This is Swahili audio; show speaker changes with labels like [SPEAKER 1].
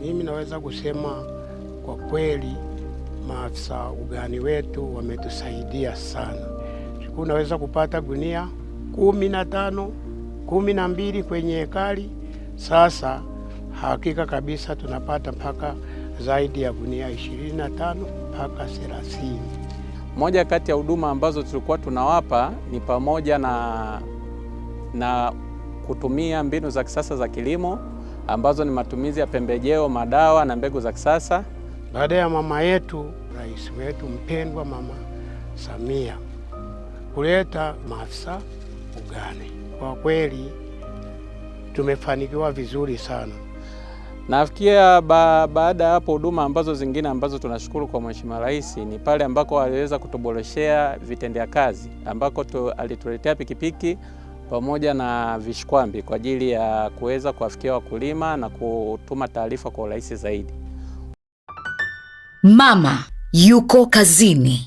[SPEAKER 1] Mimi naweza kusema kwa kweli maafisa ugani wetu wametusaidia sana. Siku naweza kupata gunia kumi na tano kumi na mbili kwenye hekari. Sasa hakika kabisa tunapata mpaka zaidi ya gunia ishirini na tano mpaka thelathini.
[SPEAKER 2] Moja kati ya huduma ambazo tulikuwa tunawapa ni pamoja na, na kutumia mbinu za kisasa za kilimo ambazo ni matumizi ya pembejeo, madawa na mbegu za kisasa.
[SPEAKER 1] Baada ya mama yetu rais wetu mpendwa Mama Samia kuleta maafisa ugani, kwa kweli tumefanikiwa vizuri sana.
[SPEAKER 2] Nafikia ba, baada ya hapo huduma ambazo zingine ambazo tunashukuru kwa Mheshimiwa Rais ni pale ambako aliweza kutuboreshea vitendea kazi ambako alituletea pikipiki pamoja na vishikwambi kwa ajili ya kuweza kuwafikia wakulima na kutuma taarifa kwa urahisi zaidi. Mama Yuko Kazini.